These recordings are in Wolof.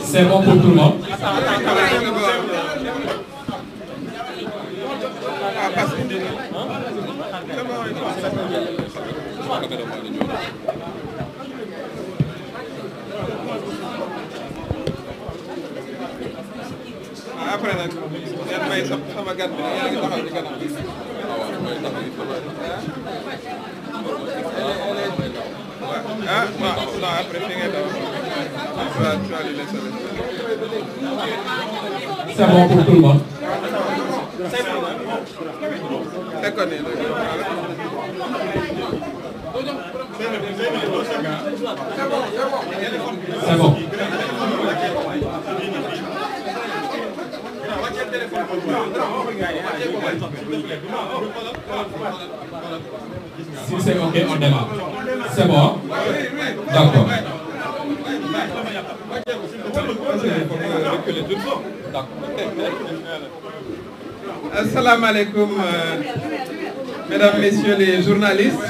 C'est bon pour tout le monde. après nag yan may sama gan bi yaa ngi taxaw ci kanam ah non non après fi ngay daw tu as tu as lu les sols. c'est bon pour tout le monde. c'est bon. Si c'est ok, on démarre. C'est bon D'accord. Assalamu alaikum, euh, messieurs les journalistes.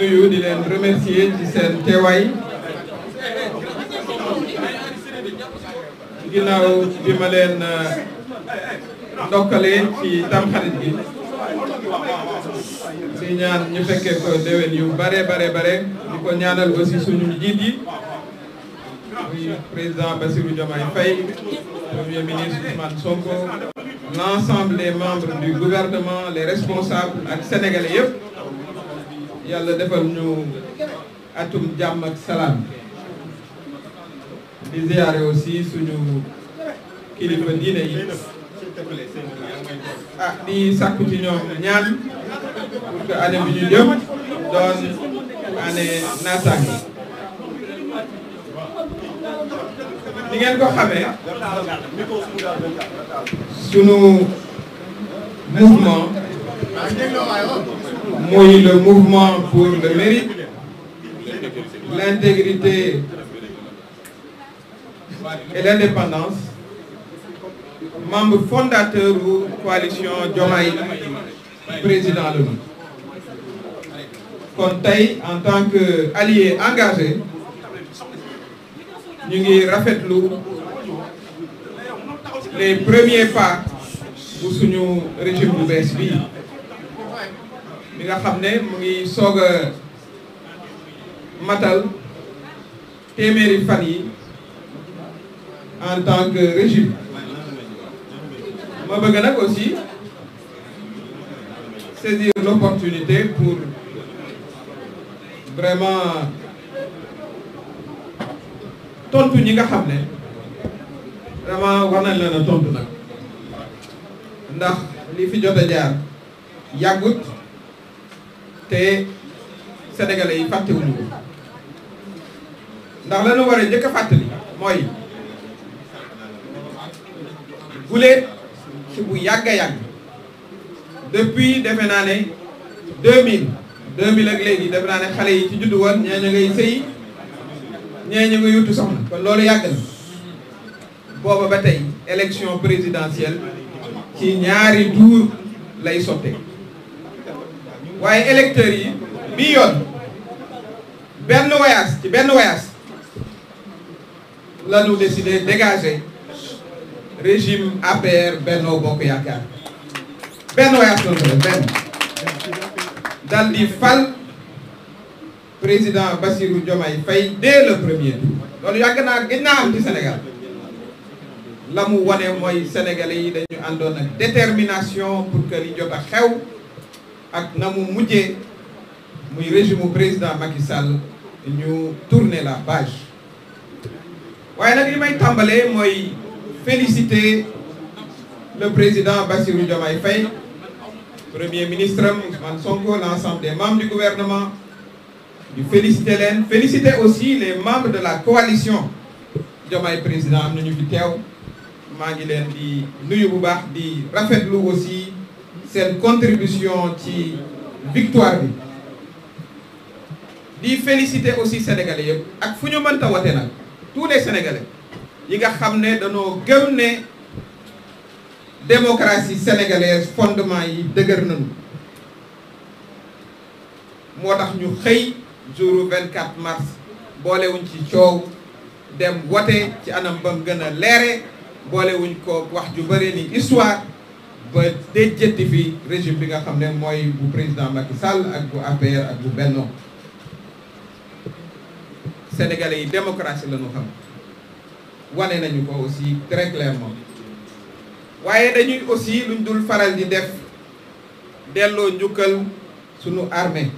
Je voulais vous remercier de cette ginnaaw bi ma leen euh, ndokkalee ci tamxarit gi di ñaan ñu fekkee ko déwén yu bare bare bare di ko ñaanal aussi suñu njiit yi muy président Bassirou Diomaye Faye premier ministre Ousmane Sonko l'ensemble des du gouvernement les responsables ak sénégalais yëpp yàlla defal ñu atum jàmm ak salaam di ziare aussi suñu kilifa diine yi ah di sàkku ci ñoom bi ñu doon année naataange ni ngeen ko xamee sunu mouvement muy le mouvement pour le mérite l'intégrité et l'indépendance, membre fondateur wu coalition Diomaye président la ñu kon tey en tant que allié engagé ñu ngi rafetlu les premiers pas bu suñu régime bu bees bi mi nga xam ne mu ngi soog a matal téeméeri fan yi en tant que régime ma bëgg nag aussi saisir l'opportunité pour vraiment tontu ñi nga xam ne vraiment war nañ leen a tontu nag ndax li fi jot a jaar yàggut te sénégalais yi fàttewuñu ko ndax la ñu war a njëkk a fàttali mooy guléet ci bu yàgg a yàgg depuis defe naa ne 2000 2000 ak léegi defe naa ne xale yi ci juddu woon ñee ñu ngay sëy ñee ñu ngay yuttu soxna kon loolu yàgg na booba ba tey élection présidentielle ci ñaari tour lay sotte waaye électeurs yi bii yoon benn voyage ci benn voyage la ñu décidé dégager régime APR Benno Bokk Yaakaar Benno Yaakaar la benn dal di fal président Bassirou Diomaye premier loolu yàgg naa gën naa am ci Sénégal la mu wane mooy sénégalais yi dañu àndoon ak détermination pour que li jot a xew ak na mu mujjee muy régime président Macky ñu tourner la page waaye nag li may tàmbalee mooy. féliciter le président Bassirou Diomaye Faye premier ministre Ousmane Sonko l'ensemble des membres du gouvernement ñu féliciter leen féliciter aussi les membres de la coalition Diomaye président am nañu fi teew maa ngi leen di nuyu bu baax di rafetlu aussi seen contribution ci victoire bi di féliciter aussi sénégalais yëpp ak fu ñu mënta wote nag tous les sénégalais yi nga xam ne danoo gëm ne démocratie sénégalaise fondement yi dëgër nañu moo tax ñu xëy jour 24 mars boolewuñ ci coow dem wote ci anam ba mu gën a leere boolewuñ ko wax ju bëri ni histoire ba déjjëtti fi régime bi nga xam ne mooy bu président Macky Sall ak bu APR ak bu bennoo sénégale yi démocratie la xam wane nañu ko aussi très clairement waaye dañuy aussi luñ dul faral di def delloo njukkal sunu armée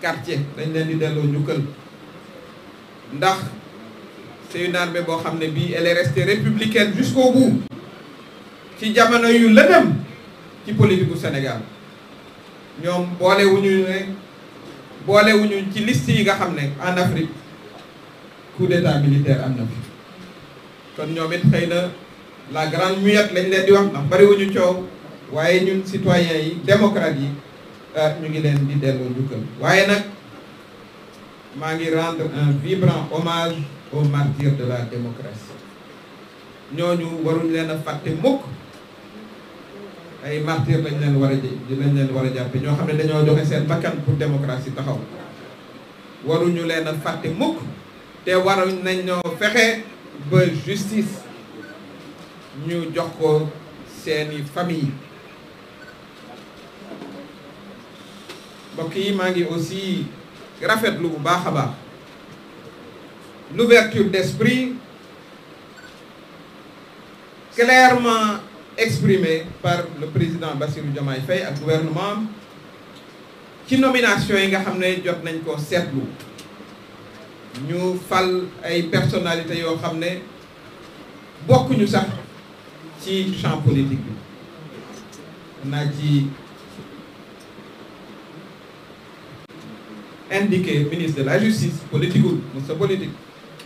quartier dañ leen di delloo njukkal ndax c'est une armée boo xam ne bii elle est restée républicaine jusqu'au bout ci jamono yu lëndëm ci politique bu Sénégal ñoom boolewuñu ne boolewuñu ci list yi nga xam ne en Afrique coup d'état militaire am na fi kon ñoom it xëy na la grande muette lañ leen di wax ndax bariwuñu coow waaye ñun citoyens yi démocrates yi ah, ñu ngi leen di delloo njukkal waaye nag maa ngi rendre un vibrant hommage aux martyrs de la démocratie ñooñu waruñ leen a fàtte mukk ay martyrs lañ leen war a ji lañ leen a jàppe ñoo xam ne dañoo joxe seen bakkan pour démocratie taxaw waruñu leen fàtte mukk te waruñ nañ fexe ba justice ñu jox ko seeni famille mbokk yi maa ngi aussi rafetlu bu baax a baax l'ouverture d'esprit clairement exprimée par le président Bassirou Diomaye Faye ak gouvernement ci nomination yi nga xam ne jot nañ ko seetlu ñu fal ay personnalité yoo xam ne bokkuñu sax ci champ politique bi naa ci indiqué ministre de la justice politiqueul sa politique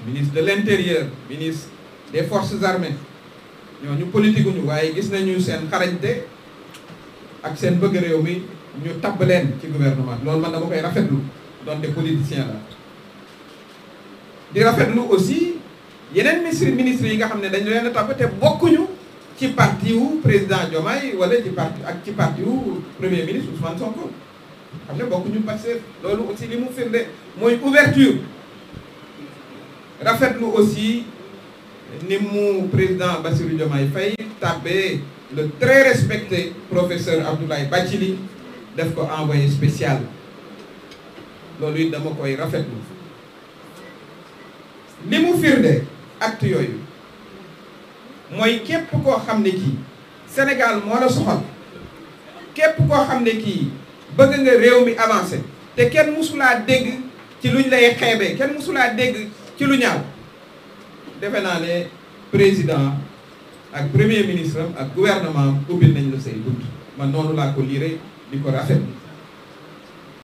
ministre de l'intérieur ministre des forces armées ñooñu politiqueuñu waaye gis nañu seen xarañte ak seen bëgg réew mi ñu tabb leen ci gouvernement loolu man dama koy rafetlu donte politicien la di rafetlu aussi yeneen ministre ministre yi nga xam ne dañu leen a topp te bokkuñu ci parti wu président Diomaye wala ci parti ak ci parti wu premier ministre Ousmane Sonko xam ne bokkuñu Pastef loolu aussi li mu firnde mooy ouverture rafetlu aussi ni mu président Bassirou Diomaye Faye tàbbee le très respecté professeur Abdoulaye li def ko envoyé spécial loolu it dama koy rafetlu li mu firnde acte yooyu mooy képp koo xam ne kii Sénégal moo la soxal képp koo xam ne kii bëgg nga réew mi avancé te kenn musulaa dégg ci luñ lay xeebee kenn musulaa dégg ci lu ñaaw defe naa ne président ak premier ministre ak gouvernement am ubbil nañ la say bunt man noonu laa ko liire di ko rafet